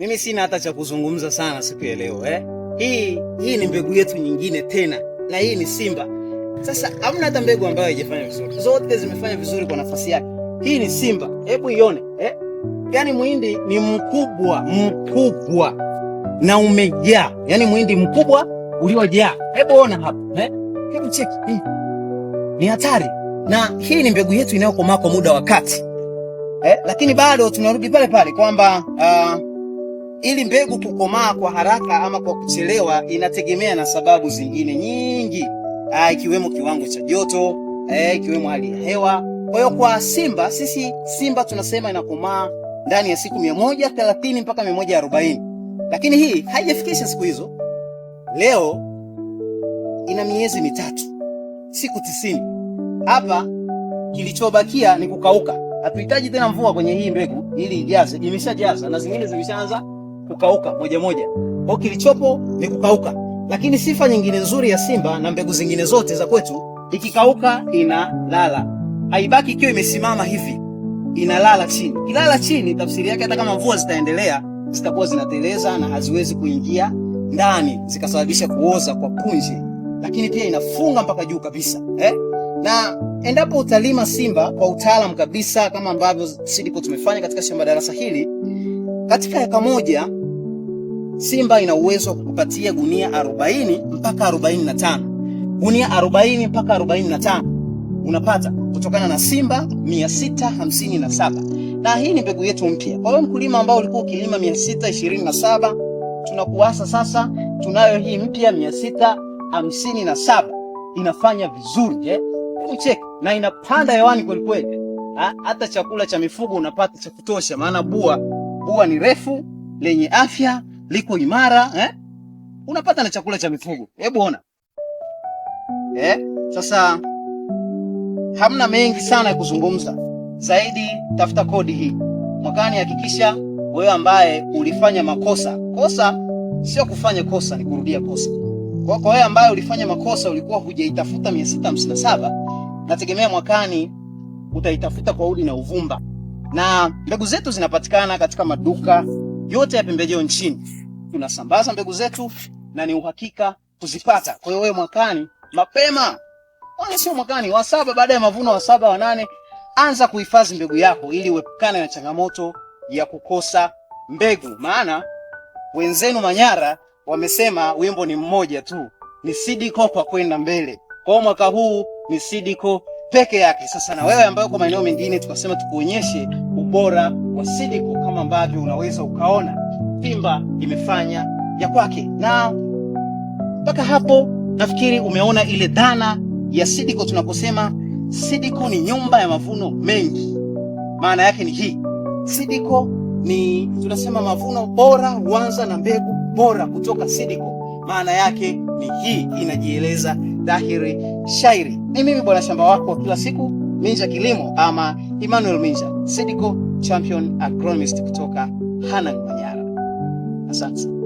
Mimi sina hata cha kuzungumza sana siku ya leo eh. Hii hii ni mbegu yetu nyingine tena, na hii ni Simba. Sasa hamna hata mbegu ambayo haijafanya vizuri, zote zimefanya vizuri kwa nafasi yake. Hii ni Simba, hebu ione eh? Yaani muhindi ni mkubwa mkubwa na umejaa, yaani muhindi mkubwa uliojaa. Hebu ona hapa eh? Hebu cheki hii ni hatari, na hii ni mbegu yetu inayokomaa kwa muda wa kati eh? Lakini bado tunarudi pale pale kwamba uh, ili mbegu kukomaa kwa haraka ama kwa kuchelewa inategemea na sababu zingine nyingi, ah, ikiwemo kiwango cha joto, eh, ikiwemo hali ya hewa. Kwa hiyo kwa Simba, sisi Simba tunasema inakomaa ndani ya siku 130 mpaka 140, lakini hii haijafikisha siku hizo. Leo ina miezi mitatu, siku tisini. Hapa kilichobakia ni kukauka. Hatuhitaji tena mvua kwenye hii mbegu ili ijaze, imeshajaza na zingine zimeshaanza kukauka moja moja. Kwa kilichopo ni kukauka, lakini sifa nyingine nzuri ya Simba na mbegu zingine zote za kwetu, ikikauka inalala, haibaki ikiwa imesimama hivi, inalala chini. Kilala chini, tafsiri yake hata kama mvua zitaendelea zitakuwa zinateleza na haziwezi kuingia ndani zikasababisha kuoza kwa punje, lakini pia inafunga mpaka juu kabisa eh? na endapo utalima Simba kwa utaalamu kabisa kama ambavyo sisi tumefanya katika shamba darasa hili, katika eka moja Simba ina uwezo wa kukupatia gunia 40 mpaka 45, gunia 40 mpaka 45 unapata kutokana na Simba 657, na hii ni mbegu yetu mpya. Kwa hiyo mkulima ambao ulikuwa ukilima 627, tunakuasa sasa, tunayo hii mpya 657, inafanya vizuri. Je, cheki na inapanda hewani kweli ha? Hata chakula cha mifugo unapata cha kutosha, maana bua bua ni refu lenye afya liko imara eh? Unapata na chakula cha mifugo. Hebu ona eh? Sasa hamna mengi sana ya kuzungumza zaidi, tafuta kodi hii mwakani. Hakikisha wewe ambaye ulifanya makosa, kosa sio kufanya kosa, ni kurudia kosa. Kwa kwa wewe ambaye ulifanya makosa, ulikuwa hujaitafuta 657 nategemea mwakani utaitafuta kwa udi na uvumba, na mbegu zetu zinapatikana katika maduka yote ya pembejeo nchini tunasambaza mbegu zetu na ni uhakika kuzipata. Kwa hiyo wewe mwakani mapema, wala sio mwakani wa saba, baada ya mavuno wa saba wa nane, anza kuhifadhi mbegu yako ili uepukane na changamoto ya kukosa mbegu. Maana wenzenu Manyara wamesema wimbo ni mmoja tu, ni Sidiko kwa kwenda mbele. Kwa mwaka huu ni Sidiko peke yake. Sasa na wewe ambayo kwa maeneo mengine, tukasema tukuonyeshe ubora wa Sidiko kama ambavyo unaweza ukaona Simba imefanya ya kwake, na mpaka hapo nafikiri umeona ile dhana ya Sidiko. Tunaposema Sidiko ni nyumba ya mavuno mengi, maana yake ni hii: Sidiko ni tunasema mavuno bora huanza na mbegu bora kutoka Sidiko. Maana yake ni hii, inajieleza dhahiri shairi. Ni mimi bwana shamba wako kila siku, Minja Kilimo ama Emmanuel Minja, Sidiko champion agronomist kutoka Hanang Manyara. Ascension.